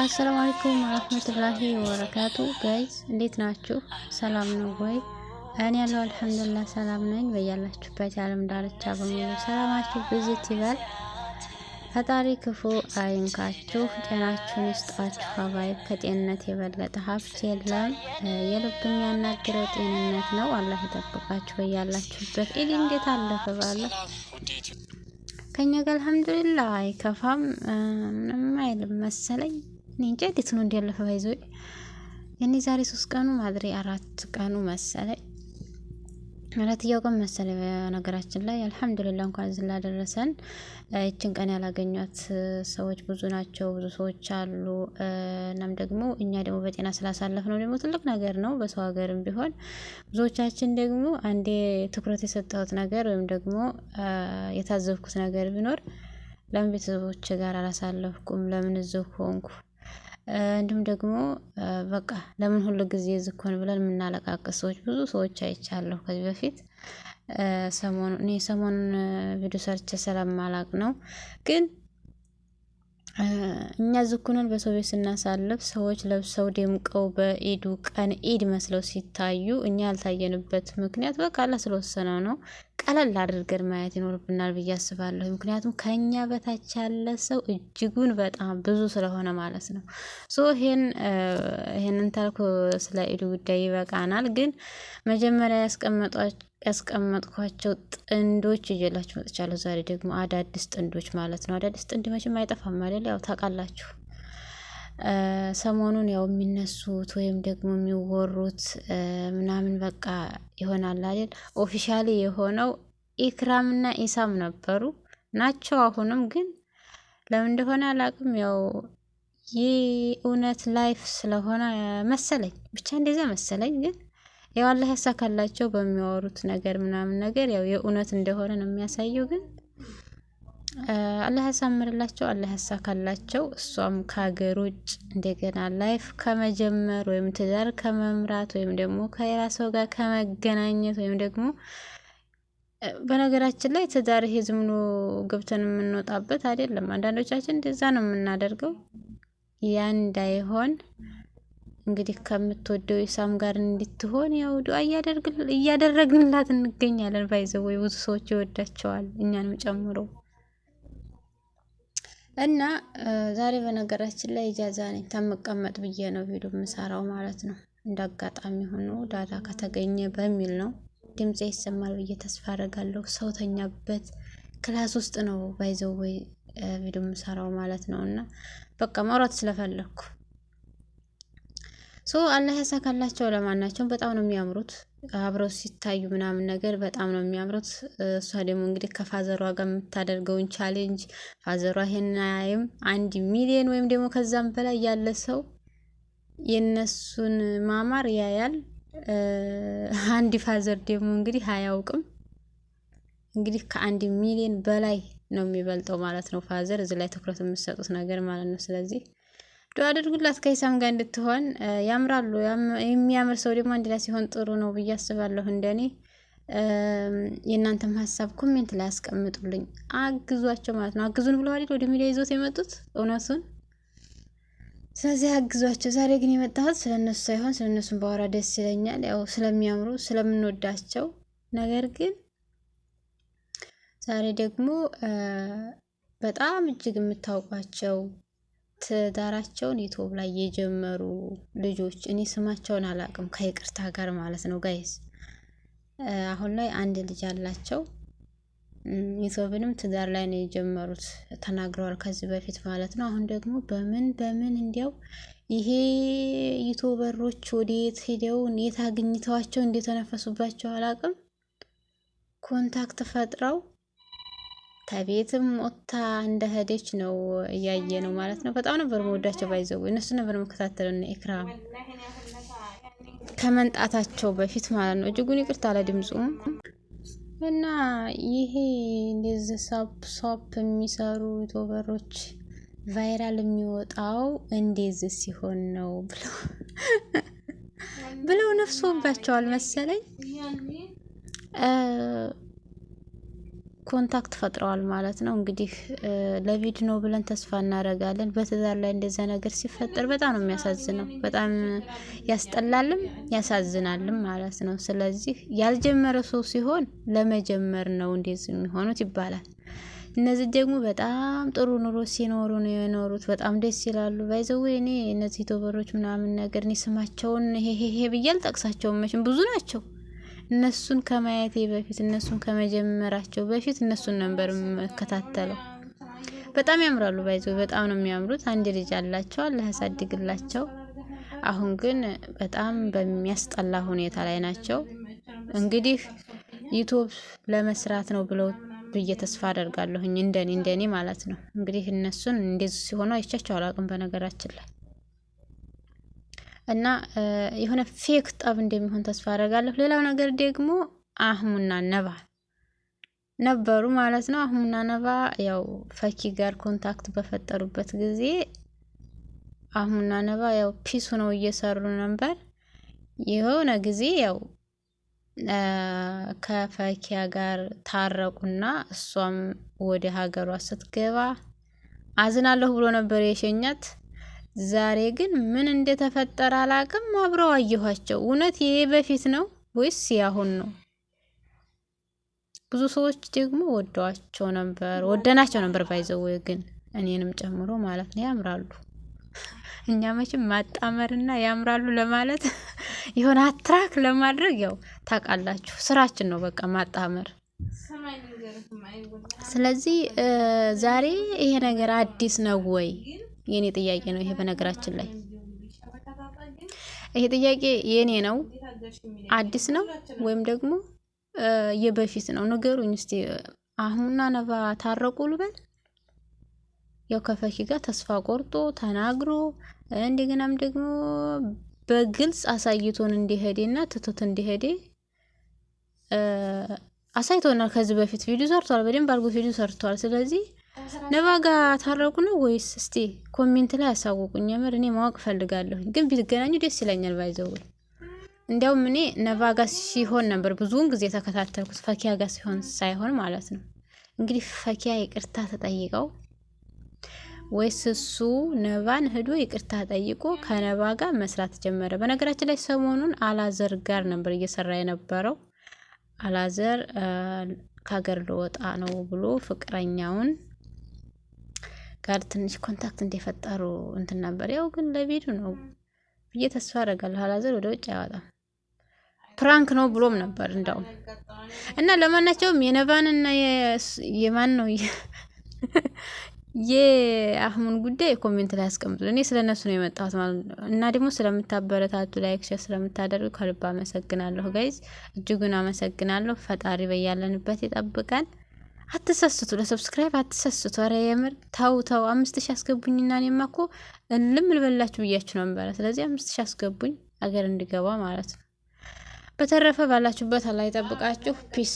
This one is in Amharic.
አሰላሙ አለይኩም ወራህመቱላሂ ወበረካቱ። ጋይዝ እንዴት ናችሁ? ሰላም ነው ወይ? እኔ ያለው አልሐምዱሊላህ ሰላም ነኝ። በያላችሁበት የዓለም ዳርቻ በሙሉ ሰላማችሁ ብዝት ይበል። ፈጣሪ ክፉ አይንካችሁ፣ ጤናችሁን ይስጣችሁ። አባይ ከጤንነት የበለጠ ሀብት የለም። የልብ የሚያናግረው ጤንነት ነው። አላህ ይጠብቃችሁ በያላችሁበት። ኢድ እንዴት አለፈ? ባለ ከኛ ጋር አልሐምዱሊላህ አይከፋም፣ ምንም አይልም መሰለኝ እኔ እንጃ እንዴት ነው እንዲያለፈ ባይዞ እኔ ዛሬ ሶስት ቀኑ ማድሬ አራት ቀኑ መሰለኝ አራትያው ቀን መሰለ። በነገራችን ላይ አልሐምዱሊላ እንኳን ዝላ ደረሰን። ይችን ቀን ያላገኟት ሰዎች ብዙ ናቸው፣ ብዙ ሰዎች አሉ። እናም ደግሞ እኛ ደግሞ በጤና ስላሳለፍ ነው ደግሞ ትልቅ ነገር ነው። በሰው ሀገርም ቢሆን ብዙዎቻችን ደግሞ አንዴ ትኩረት የሰጠሁት ነገር ወይም ደግሞ የታዘብኩት ነገር ቢኖር ለምን ቤተሰቦች ጋር አላሳለፍኩም? ለምን እዚሁ ሆንኩ? እንዲሁም ደግሞ በቃ ለምን ሁሉ ጊዜ ዝኮን ብለን የምናለቃቅስ ሰዎች ብዙ ሰዎች አይቻለሁ። ከዚህ በፊት ሰሞኑን እኔ ሰሞኑን ቪዲዮ ሰርቼ ስለማላቅ ነው። ግን እኛ ዝኩነን በሰው ቤት ስናሳልፍ ሰዎች ለብሰው ደምቀው በኢዱ ቀን ኢድ መስለው ሲታዩ እኛ ያልታየንበት ምክንያት በቃ አላህ ስለወሰነው ነው። ቀለል አድርገን ማየት ይኖርብናል ብዬ አስባለሁ። ምክንያቱም ከኛ በታች ያለ ሰው እጅጉን በጣም ብዙ ስለሆነ ማለት ነው። ሶ ይሄን ይሄንን ታልኩ ስለ ኢሉ ጉዳይ ይበቃናል። ግን መጀመሪያ ያስቀመጧቸው ያስቀመጥኳቸው ጥንዶች እየላችሁ መጥቻለሁ። ዛሬ ደግሞ አዳዲስ ጥንዶች ማለት ነው። አዳዲስ ጥንድ መቼም አይጠፋም አይደል? ያው ታውቃላችሁ። ሰሞኑን ያው የሚነሱት ወይም ደግሞ የሚወሩት ምናምን በቃ ይሆናል አይደል? ኦፊሻሊ የሆነው ኢክራምና ኢሳም ነበሩ ናቸው። አሁንም ግን ለምን እንደሆነ አላቅም። ያው ይህ እውነት ላይፍ ስለሆነ መሰለኝ ብቻ እንደዛ መሰለኝ። ግን ያው አላህ ያሳካላቸው በሚያወሩት ነገር ምናምን ነገር ያው የእውነት እንደሆነ ነው የሚያሳየው ግን አላህ ያሳምርላቸው፣ አላህ ያሳካላቸው። እሷም ከሀገር ውጭ እንደገና ላይፍ ከመጀመር ወይም ትዳር ከመምራት ወይም ደግሞ ከሌላ ሰው ጋር ከመገናኘት ወይም ደግሞ በነገራችን ላይ ትዳር ይሄ ዝም ብሎ ገብተን የምንወጣበት አይደለም። አንዳንዶቻችን እንደዛ ነው የምናደርገው። ያ እንዳይሆን እንግዲህ ከምትወደው ኢሳም ጋር እንድትሆን ያው ዱአ እያደረግንላት እንገኛለን። ባይዘው ወይ ብዙ ሰዎች ይወዳቸዋል እኛንም ጨምሮ እና ዛሬ በነገራችን ላይ እጃዛ ነኝ ተመቀመጥ ብዬ ነው ቪዲዮ የምሰራው ማለት ነው። እንደ አጋጣሚ ሆኖ ዳታ ከተገኘ በሚል ነው ድምፅ ይሰማል ብዬ ተስፋ አደርጋለሁ። ሰውተኛበት ክላስ ውስጥ ነው ባይዘወይ ቪዲዮ የምሰራው ማለት ነው። እና በቃ ማውራት ስለፈለግኩ ሶ አላህ ያሳካላቸው። ለማናቸውም በጣም ነው የሚያምሩት። አብረው ሲታዩ ምናምን ነገር በጣም ነው የሚያምሩት። እሷ ደግሞ እንግዲህ ከፋዘሯ ጋር የምታደርገውን ቻሌንጅ ፋዘሯ ይሄን አያይም። አንድ ሚሊዮን ወይም ደግሞ ከዛም በላይ ያለ ሰው የነሱን ማማር ያያል። አንድ ፋዘር ደግሞ እንግዲህ አያውቅም። እንግዲህ ከአንድ ሚሊዮን በላይ ነው የሚበልጠው ማለት ነው ፋዘር። እዚህ ላይ ትኩረት የምትሰጡት ነገር ማለት ነው። ስለዚህ ዱ አድርጉላት ከይሳም ጋር እንድትሆን ያምራሉ። የሚያምር ሰው ደግሞ አንድ ላይ ሲሆን ጥሩ ነው ብዬ አስባለሁ እንደኔ። የእናንተም ሀሳብ ኮሜንት ላይ አስቀምጡልኝ አግዟቸው ማለት ነው። አግዙን ብለው አይደል ወደ ሚዲያ ይዞት የመጡት እውነቱን። ስለዚህ አግዟቸው። ዛሬ ግን የመጣሁት ስለ እነሱ ሳይሆን ስለ እነሱን ባወራ ደስ ይለኛል። ያው ስለሚያምሩ ስለምንወዳቸው። ነገር ግን ዛሬ ደግሞ በጣም እጅግ የምታውቋቸው ትዳራቸውን ዩቱብ ላይ የጀመሩ ልጆች እኔ ስማቸውን አላውቅም፣ ከይቅርታ ጋር ማለት ነው ጋይስ። አሁን ላይ አንድ ልጅ አላቸው። ዩቱብንም ትዳር ላይ ነው የጀመሩት ተናግረዋል፣ ከዚህ በፊት ማለት ነው። አሁን ደግሞ በምን በምን እንዲያው ይሄ ዩቱበሮች ወዴት ሄደው እንዴት አግኝተዋቸው እንደተነፈሱባቸው አላቅም? ኮንታክት ፈጥረው ከቤትም ወጥታ ሄደች ነው እያየ ነው ማለት ነው። በጣም ነበር መወዳቸው ባይዘው እነሱ ነበር መከታተል ና ኢክራም ከመንጣታቸው በፊት ማለት ነው። እጅጉን ይቅርታ ለድምፁም እና ይሄ እንደዚህ ሳፕ ሶፕ የሚሰሩ ዩቱበሮች ቫይራል የሚወጣው እንደዚህ ሲሆን ነው ብለው ብለው ነፍሶባቸዋል መሰለኝ። ኮንታክት ፈጥረዋል ማለት ነው። እንግዲህ ለቪድ ነው ብለን ተስፋ እናደርጋለን። በትዳር ላይ እንደዚያ ነገር ሲፈጠር በጣም ነው የሚያሳዝነው። በጣም ያስጠላልም ያሳዝናልም ማለት ነው። ስለዚህ ያልጀመረ ሰው ሲሆን ለመጀመር ነው እንደዚህ የሚሆኑት ይባላል። እነዚህ ደግሞ በጣም ጥሩ ኑሮ ሲኖሩ ነው የኖሩት። በጣም ደስ ይላሉ። ባይዘው እኔ እነዚህ ቶበሮች ምናምን ነገር እኔ ስማቸውን ይሄ ብዬ አልጠቅሳቸውም መቼም ብዙ ናቸው። እነሱን ከማየቴ በፊት እነሱን ከመጀመራቸው በፊት እነሱን ነበር የምከታተለው። በጣም ያምራሉ፣ ባይዞ በጣም ነው የሚያምሩት። አንድ ልጅ አላቸው፣ አላህ ያሳድግላቸው። አሁን ግን በጣም በሚያስጠላ ሁኔታ ላይ ናቸው። እንግዲህ ዩቱብ ለመስራት ነው ብለው ብዬ ተስፋ አደርጋለሁኝ፣ እንደኔ እንደኔ ማለት ነው። እንግዲህ እነሱን እንደዚህ ሲሆኑ አይቻቸው አላውቅም በነገራችን ላይ እና የሆነ ፌክ ጠብ እንደሚሆን ተስፋ አደርጋለሁ። ሌላው ነገር ደግሞ አህሙና ነባ ነበሩ ማለት ነው። አህሙና ነባ ያው ፈኪ ጋር ኮንታክት በፈጠሩበት ጊዜ አህሙና ነባ ያው ፒሱ ነው እየሰሩ ነበር። የሆነ ጊዜ ያው ከፈኪያ ጋር ታረቁና እሷም ወደ ሀገሯ ስትገባ አዝናለሁ ብሎ ነበር የሸኛት። ዛሬ ግን ምን እንደተፈጠረ አላቅም። አብረው አየኋቸው። እውነት ይሄ በፊት ነው ወይስ ያሁን ነው? ብዙ ሰዎች ደግሞ ወደዋቸው ነበር ወደናቸው ነበር። ባይዘው ግን እኔንም ጨምሮ ማለት ነው። ያምራሉ። እኛ መቼም ማጣመርና ያምራሉ ለማለት የሆነ አትራክ ለማድረግ ያው ታውቃላችሁ፣ ስራችን ነው በቃ ማጣመር። ስለዚህ ዛሬ ይሄ ነገር አዲስ ነው ወይ የኔ ጥያቄ ነው ይሄ። በነገራችን ላይ ይሄ ጥያቄ የኔ ነው። አዲስ ነው ወይም ደግሞ የበፊት ነው? ንገሩኝ እስቲ። አሁንና ነባ ታረቁ ልበል? ያው ከፈኪ ጋር ተስፋ ቆርጦ ተናግሮ እንደገናም ደግሞ በግልጽ አሳይቶን እንዲሄዴና ትቶት እንዲሄዴ አሳይቶናል። ከዚህ በፊት ቪዲዮ ሰርቷል፣ በደንብ አድርጎ ቪዲዮ ሰርቷል። ስለዚህ ነባጋ ታረቁ ነው ወይስ? እስቲ ኮሜንት ላይ ያሳውቁኝ። የምር እኔ ማወቅ ፈልጋለሁ፣ ግን ቢገናኙ ደስ ይለኛል። ባይዘው እንዲያውም እኔ ነባጋ ሲሆን ነበር ብዙውን ጊዜ የተከታተልኩት ፈኪያ ጋር ሲሆን ሳይሆን ማለት ነው። እንግዲህ ፈኪያ ይቅርታ ተጠይቀው ወይስ እሱ ነባን ሂዶ ይቅርታ ጠይቆ ከነባ ጋር መስራት ጀመረ። በነገራችን ላይ ሰሞኑን አላዘር ጋር ነበር እየሰራ የነበረው። አላዘር ከሀገር ልወጣ ነው ብሎ ፍቅረኛውን ጋር ትንሽ ኮንታክት እንደፈጠሩ እንትን ነበር። ያው ግን ለቪዲዮ ነው ብዬ ተስፋ አደርጋለሁ። አላዘር ወደ ውጭ አያወጣም ፕራንክ ነው ብሎም ነበር እንደውም እና ለማናቸውም የነባንና የማን ነው የአህሙን ጉዳይ ኮሜንት ላይ አስቀምጡ። እኔ ስለ እነሱ ነው የመጣሁት ማለት ነው። እና ደግሞ ስለምታበረታቱ ላይክ፣ ሼር ስለምታደርጉ ከልብ አመሰግናለሁ ጋይዝ፣ እጅጉን አመሰግናለሁ። ፈጣሪ በያለንበት ይጠብቀን። አትሰስቱ፣ ለሰብስክራይብ አትሰስቱ። ኧረ የምር ተው ተው። አምስት ሺ አስገቡኝና እኔማ እኮ እልም ልበላችሁ ብያችሁ ነበረ። ስለዚህ አምስት ሺ አስገቡኝ አገር እንዲገባ ማለት ነው። በተረፈ ባላችሁበት አላህ ይጠብቃችሁ። ፒስ